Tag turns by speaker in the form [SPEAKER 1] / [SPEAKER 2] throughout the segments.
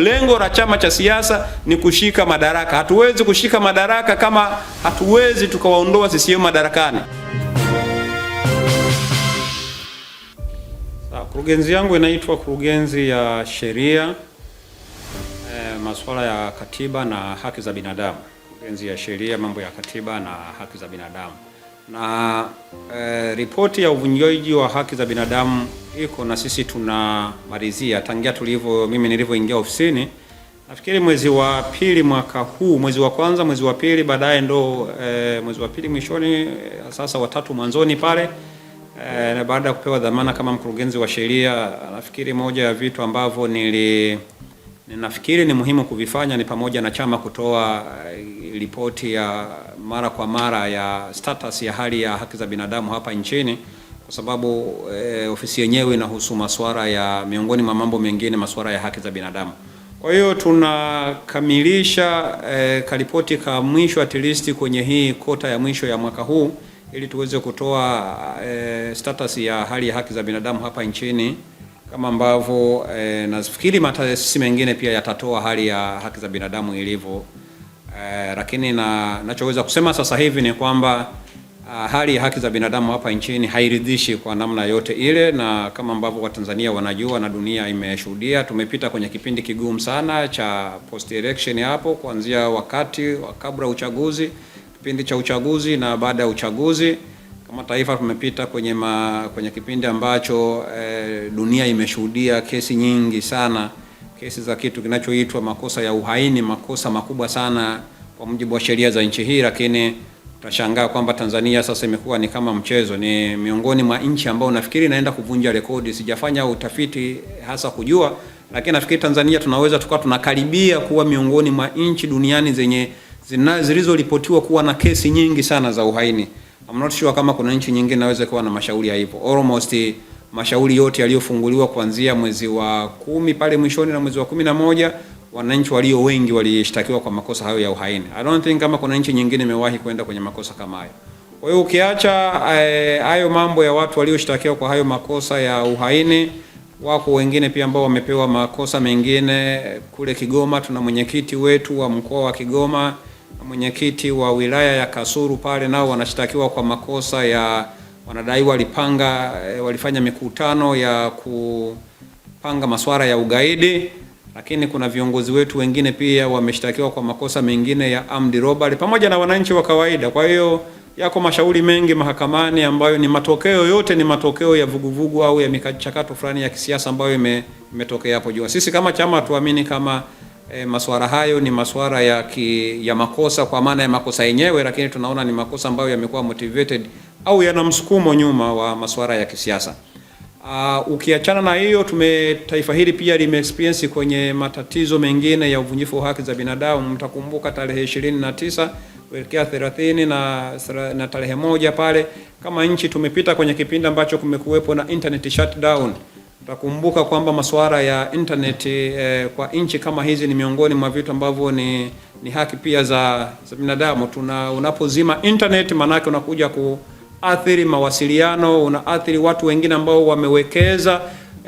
[SPEAKER 1] Lengo la chama cha siasa ni kushika madaraka. Hatuwezi kushika madaraka kama hatuwezi tukawaondoa CCM madarakani. Sa, kurugenzi yangu inaitwa kurugenzi ya sheria e, eh, masuala ya katiba na haki za binadamu, kurugenzi ya sheria, mambo ya katiba na haki za binadamu na e, ripoti ya uvunjaji wa haki za binadamu iko na sisi tunamalizia tangia tulivyo, mimi nilivyoingia ofisini nafikiri mwezi wa pili mwaka huu, mwezi wa kwanza, mwezi wa pili, baadaye ndo e, mwezi wa pili mwishoni, eh, sasa watatu mwanzoni pale e, na baada ya kupewa dhamana kama mkurugenzi wa sheria, nafikiri moja ya vitu ambavyo nili Ninafikiri ni muhimu kuvifanya ni pamoja na chama kutoa eh, ripoti ya mara kwa mara ya status ya hali ya haki za binadamu hapa nchini, kwa sababu e, ofisi yenyewe inahusu masuala ya miongoni mwa mambo mengine masuala ya haki za binadamu. Kwa hiyo tunakamilisha e, karipoti ka mwisho at least kwenye hii kota ya mwisho ya mwaka huu ili tuweze kutoa e, status ya hali ya haki za binadamu hapa nchini kama ambavyo e, nafikiri mataasisi mengine pia yatatoa hali ya haki za binadamu ilivyo. E, lakini na nachoweza kusema sasa hivi ni kwamba ah, hali ya haki za binadamu hapa nchini hairidhishi kwa namna yote ile, na kama ambavyo Watanzania wanajua na dunia imeshuhudia, tumepita kwenye kipindi kigumu sana cha post election hapo, kuanzia wakati wa kabla uchaguzi, kipindi cha uchaguzi na baada ya uchaguzi. Kama taifa tumepita kwenye, ma, kwenye kipindi ambacho e, dunia imeshuhudia kesi nyingi sana, kesi za kitu kinachoitwa makosa ya uhaini, makosa makubwa sana kwa mujibu wa sheria za nchi hii, lakini utashangaa kwamba Tanzania sasa imekuwa ni kama mchezo, ni miongoni mwa nchi ambao nafikiri inaenda kuvunja rekodi. Sijafanya utafiti hasa kujua, lakini nafikiri Tanzania tunaweza tukawa tunakaribia kuwa miongoni mwa nchi duniani zenye zilizoripotiwa kuwa na kesi nyingi sana za uhaini. I'm not sure kama kuna nchi nyingine inaweza kuwa na mashauri ya hivyo. Almost eh, mashauri yote yaliyofunguliwa kuanzia mwezi wa kumi pale mwishoni na mwezi wa kumi na moja wananchi walio wengi walishtakiwa kwa makosa hayo ya uhaini. I don't think kama kuna nchi nyingine imewahi kwenda kwenye makosa kama hayo. Kwa hiyo ukiacha eh, hayo mambo ya watu walioshtakiwa kwa hayo makosa ya uhaini, wako wengine pia ambao wamepewa makosa mengine. Kule Kigoma tuna mwenyekiti wetu wa mkoa wa Kigoma mwenyekiti wa wilaya ya Kasulu pale nao wanashtakiwa kwa makosa ya wanadai walipanga, eh, walifanya mikutano ya kupanga masuala ya ugaidi, lakini kuna viongozi wetu wengine pia wameshtakiwa kwa makosa mengine ya armed robbery pamoja na wananchi wa kawaida. Kwa hiyo yako mashauri mengi mahakamani ambayo ni matokeo yote ni matokeo ya vuguvugu au ya michakato fulani ya kisiasa ambayo imetokea ime hapo juu. Sisi kama chama tuamini kama E, masuala hayo ni masuala ya, ki, ya makosa kwa maana ya makosa yenyewe, lakini tunaona ni makosa ambayo yamekuwa motivated au yana msukumo nyuma wa masuala ya kisiasa. Uh, ukiachana na hiyo tume taifa hili pia lime experience kwenye matatizo mengine ya uvunjifu wa haki za binadamu. Mtakumbuka tarehe 29 na tisa kuelekea thelathini na, na tarehe moja pale, kama nchi tumepita kwenye kipindi ambacho kumekuwepo na internet shutdown. Utakumbuka kwamba masuala ya internet eh, kwa nchi kama hizi ni miongoni mwa vitu ambavyo ni, ni haki pia za, za binadamu. Tuna unapozima internet maanake unakuja kuathiri mawasiliano, unaathiri watu wengine ambao wamewekeza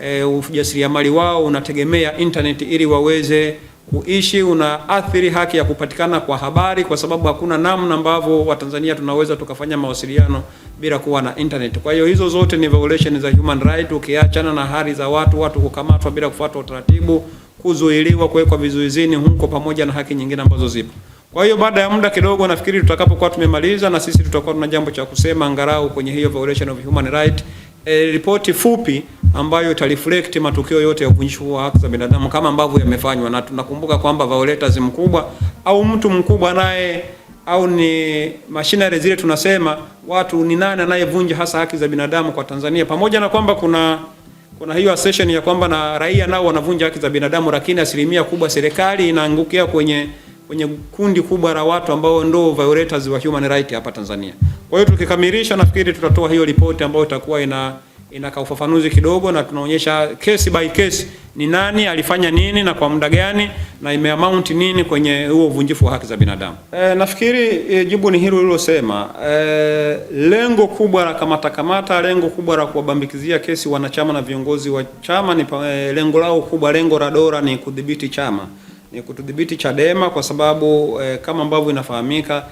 [SPEAKER 1] eh, ujasiriamali wao unategemea internet ili waweze kuishi unaathiri haki ya kupatikana kwa habari, kwa sababu hakuna namna ambavyo Watanzania tunaweza tukafanya mawasiliano bila kuwa na internet. Kwa hiyo hizo zote ni violation za human right, ukiachana na hali za watu watu kukamatwa bila kufuata utaratibu, kuzuiliwa, kuwekwa vizuizini huko, pamoja na haki nyingine ambazo zipo. Kwa hiyo baada ya muda kidogo, nafikiri tutakapokuwa tumemaliza na sisi tutakuwa tuna jambo cha kusema angalau kwenye hiyo violation of human right, e, ripoti fupi ambayo itareflect matukio yote ya uvunjifu wa haki za binadamu kama ambavyo yamefanywa, na tunakumbuka kwamba violators mkubwa au mtu mkubwa naye au ni machinery zile, tunasema watu ni nani anayevunja hasa haki za binadamu kwa Tanzania, pamoja na kwamba kuna kuna hiyo assertion ya kwamba na raia nao wanavunja haki za binadamu, lakini asilimia kubwa serikali inaangukia kwenye kwenye kundi kubwa la watu ambao ndo violators wa human rights hapa Tanzania. Kwa hiyo tukikamilisha, nafikiri tutatoa hiyo ripoti ambayo itakuwa ina inaka ufafanuzi kidogo, na tunaonyesha kesi by kesi ni nani alifanya nini na kwa muda gani na imeamount nini kwenye huo uvunjifu wa haki za binadamu. E, nafikiri e, jibu ni hilo lilosema. E, lengo kubwa la kamata kamata, lengo kubwa la kuwabambikizia kesi wanachama na viongozi wa chama ni e, lengo lao kubwa, lengo la dola ni kudhibiti chama, ni kutudhibiti Chadema kwa sababu e, kama ambavyo inafahamika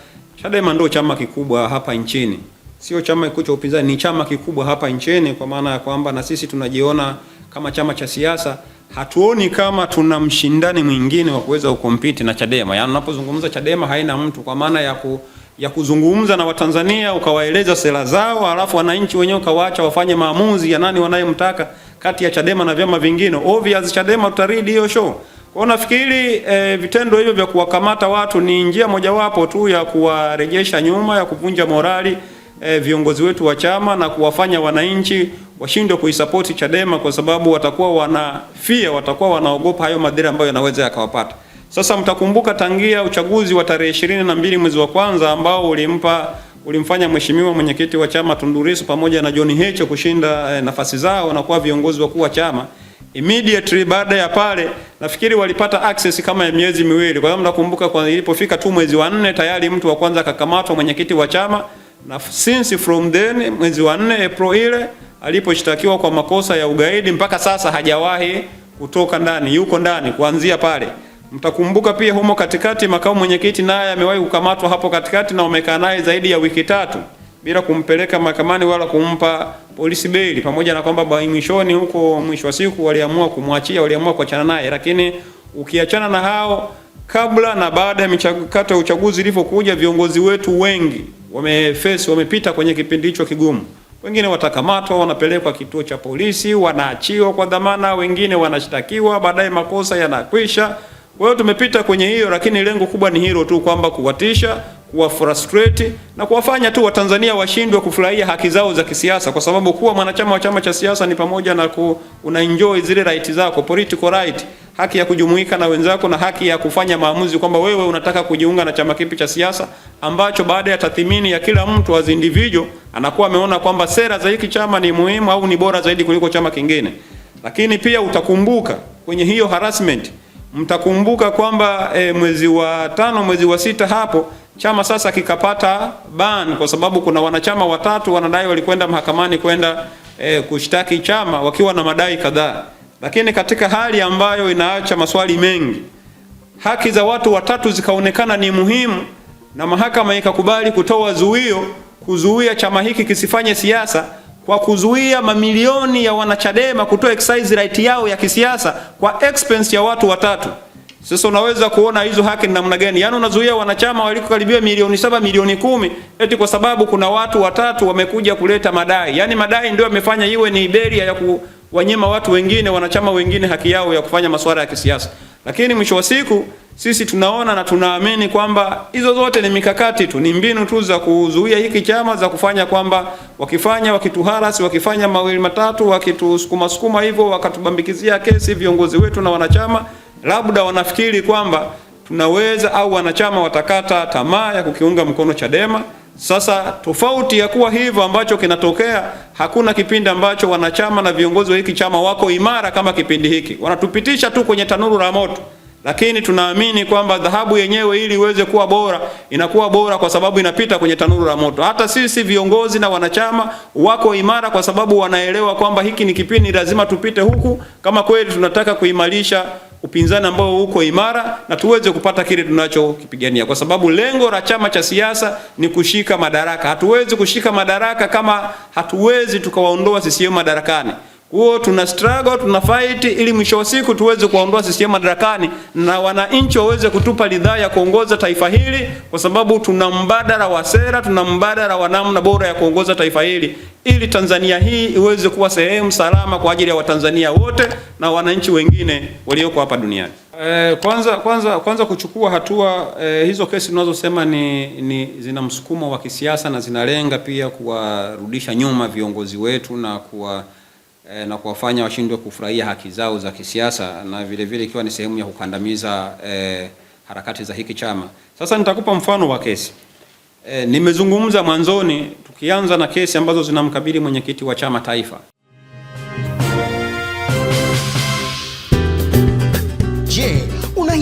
[SPEAKER 1] Chadema ndio chama kikubwa hapa nchini sio chama kikuu cha upinzani, ni chama kikubwa hapa nchini, kwa maana ya kwamba na sisi tunajiona kama chama cha siasa. Hatuoni kama tuna mshindani mwingine wa kuweza kukompiti na Chadema. Yaani, unapozungumza Chadema haina mtu, kwa maana ya ku, ya kuzungumza na Watanzania ukawaeleza sera zao, alafu wananchi wenyewe ukawaacha wafanye maamuzi ya nani wanayemtaka kati ya Chadema na vyama vingine. Obvious, Chadema tutaridi hiyo show. Kwa nafikiri eh, vitendo hivyo vya kuwakamata watu ni njia mojawapo tu ya kuwarejesha nyuma, ya kuvunja morali e, viongozi wetu wa chama na kuwafanya wananchi washindwe kuisapoti Chadema kwa sababu watakuwa wanafia, watakuwa wanaogopa hayo madhara ambayo yanaweza yakawapata. Sasa mtakumbuka tangia uchaguzi wa tarehe ishirini na mbili mwezi wa kwanza ambao ulimpa ulimfanya mheshimiwa mwenyekiti wa chama Tundu Lissu pamoja na John Heche kushinda eh, nafasi zao na kuwa viongozi wakuu wa chama. Immediately baada ya pale nafikiri walipata access kama ya miezi miwili. Kwa hiyo mnakumbuka, kwa ilipofika tu mwezi wa nne tayari mtu wa kwanza akakamatwa, mwenyekiti wa chama na since from then mwezi wa nne April ile aliposhtakiwa kwa makosa ya ugaidi mpaka sasa hajawahi kutoka ndani, yuko ndani kuanzia pale. Mtakumbuka pia humo katikati makamu mwenyekiti naye amewahi kukamatwa hapo katikati, na umekaa naye zaidi ya wiki tatu bila kumpeleka mahakamani wala kumpa polisi beli, pamoja na kwamba mwishoni huko, mwisho wa siku waliamua kumwachia, waliamua kuachana naye. Lakini ukiachana na hao, kabla na baada ya michakato ya uchaguzi ilivyokuja, viongozi wetu wengi wamefesi wamepita kwenye kipindi hicho kigumu. Wengine watakamatwa, wanapelekwa kituo cha polisi, wanaachiwa kwa dhamana, wengine wanashtakiwa, baadaye makosa yanakwisha. Kwa hiyo tumepita kwenye hiyo, lakini lengo kubwa ni hilo tu, kwamba kuwatisha, frustrate na kuwafanya tu Watanzania washindwe kufurahia haki zao za kisiasa, kwa sababu kuwa mwanachama wa chama cha siasa ni pamoja na ku, enjoy zile right zako, political right haki ya kujumuika na wenzako na haki ya kufanya maamuzi kwamba wewe unataka kujiunga na chama kipi cha siasa, ambacho baada ya tathmini ya kila mtu as individual anakuwa ameona kwamba sera za hiki chama ni muhimu au ni bora zaidi kuliko chama kingine. Lakini pia utakumbuka kwenye hiyo harassment, mtakumbuka kwamba e, mwezi wa tano, mwezi wa sita hapo chama sasa kikapata ban kwa sababu kuna wanachama watatu wanadai walikwenda mahakamani kwenda e, kushtaki chama wakiwa na madai kadhaa. Lakini katika hali ambayo inaacha maswali mengi, haki za watu watatu zikaonekana ni muhimu na mahakama ikakubali kutoa zuio, kuzuia chama hiki kisifanye siasa kwa kuzuia mamilioni ya wanachadema kutoa exercise right yao ya kisiasa kwa expense ya watu watatu. Sasa unaweza kuona hizo haki ni namna gani? Yaani unazuia wanachama walikokaribia milioni saba, milioni kumi eti kwa sababu kuna watu watatu wamekuja kuleta madai. Yaani madai ndio yamefanya iwe ni Iberia ya ku wanyima watu wengine, wanachama wengine haki yao ya kufanya masuala ya kisiasa. Lakini mwisho wa siku sisi tunaona na tunaamini kwamba hizo zote ni mikakati tu, ni mbinu tu za kuzuia hiki chama za kufanya kwamba wakifanya wakituharasi, wakifanya mawili matatu, wakitusukuma sukuma hivyo, wakatubambikizia kesi viongozi wetu na wanachama, labda wanafikiri kwamba tunaweza au wanachama watakata tamaa ya kukiunga mkono Chadema. Sasa tofauti ya kuwa hivyo ambacho kinatokea, hakuna kipindi ambacho wanachama na viongozi wa hiki chama wako imara kama kipindi hiki. Wanatupitisha tu kwenye tanuru la moto, lakini tunaamini kwamba dhahabu yenyewe ili iweze kuwa bora inakuwa bora kwa sababu inapita kwenye tanuru la moto. Hata sisi viongozi na wanachama wako imara kwa sababu wanaelewa kwamba hiki ni kipindi lazima tupite huku, kama kweli tunataka kuimarisha upinzani ambao uko imara na tuweze kupata kile tunachokipigania, kwa sababu lengo la chama cha siasa ni kushika madaraka. Hatuwezi kushika madaraka kama hatuwezi tukawaondoa CCM madarakani huo tuna struggle, tuna fight ili mwisho wa siku tuweze kuondoa CCM madarakani na wananchi waweze kutupa ridhaa ya kuongoza taifa hili, kwa sababu tuna mbadala wa sera, tuna mbadala wa namna bora ya kuongoza taifa hili ili Tanzania hii iweze kuwa sehemu salama kwa ajili ya Watanzania wote na wananchi wengine walioko hapa duniani. Eh, kwanza, kwanza, kwanza kuchukua hatua eh, hizo kesi tunazosema ni, ni zina msukumo wa kisiasa na zinalenga pia kuwarudisha nyuma viongozi wetu na kuwa e, na kuwafanya washindwe kufurahia haki zao za kisiasa na vilevile ikiwa ni sehemu ya kukandamiza e, harakati za hiki chama. Sasa nitakupa mfano wa kesi e, nimezungumza mwanzoni tukianza na kesi ambazo zinamkabili mwenyekiti wa chama taifa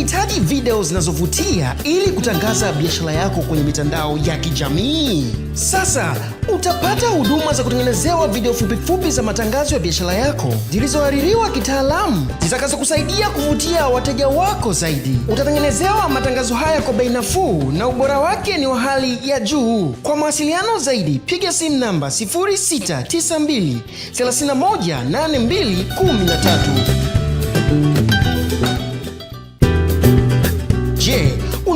[SPEAKER 2] Unahitaji video zinazovutia ili kutangaza biashara yako kwenye mitandao ya kijamii? Sasa utapata huduma za kutengenezewa video fupifupi za matangazo ya biashara yako zilizohaririwa kitaalamu zitakazokusaidia kuvutia wateja wako zaidi. Utatengenezewa matangazo haya kwa bei nafuu na ubora wake ni wa hali ya juu. Kwa mawasiliano zaidi, piga simu namba 0692 8213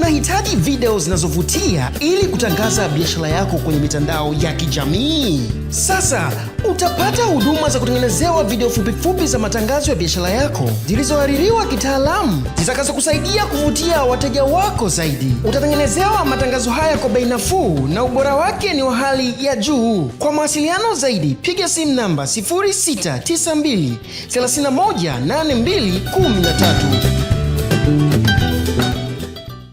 [SPEAKER 2] Unahitaji video zinazovutia ili kutangaza biashara yako kwenye mitandao ya kijamii? Sasa utapata huduma za kutengenezewa video fupifupi za matangazo ya biashara yako zilizohaririwa kitaalamu zitakazokusaidia kuvutia wateja wako zaidi. Utatengenezewa matangazo haya kwa bei nafuu na ubora wake ni wa hali ya juu. Kwa mawasiliano zaidi, piga simu namba 0692 8213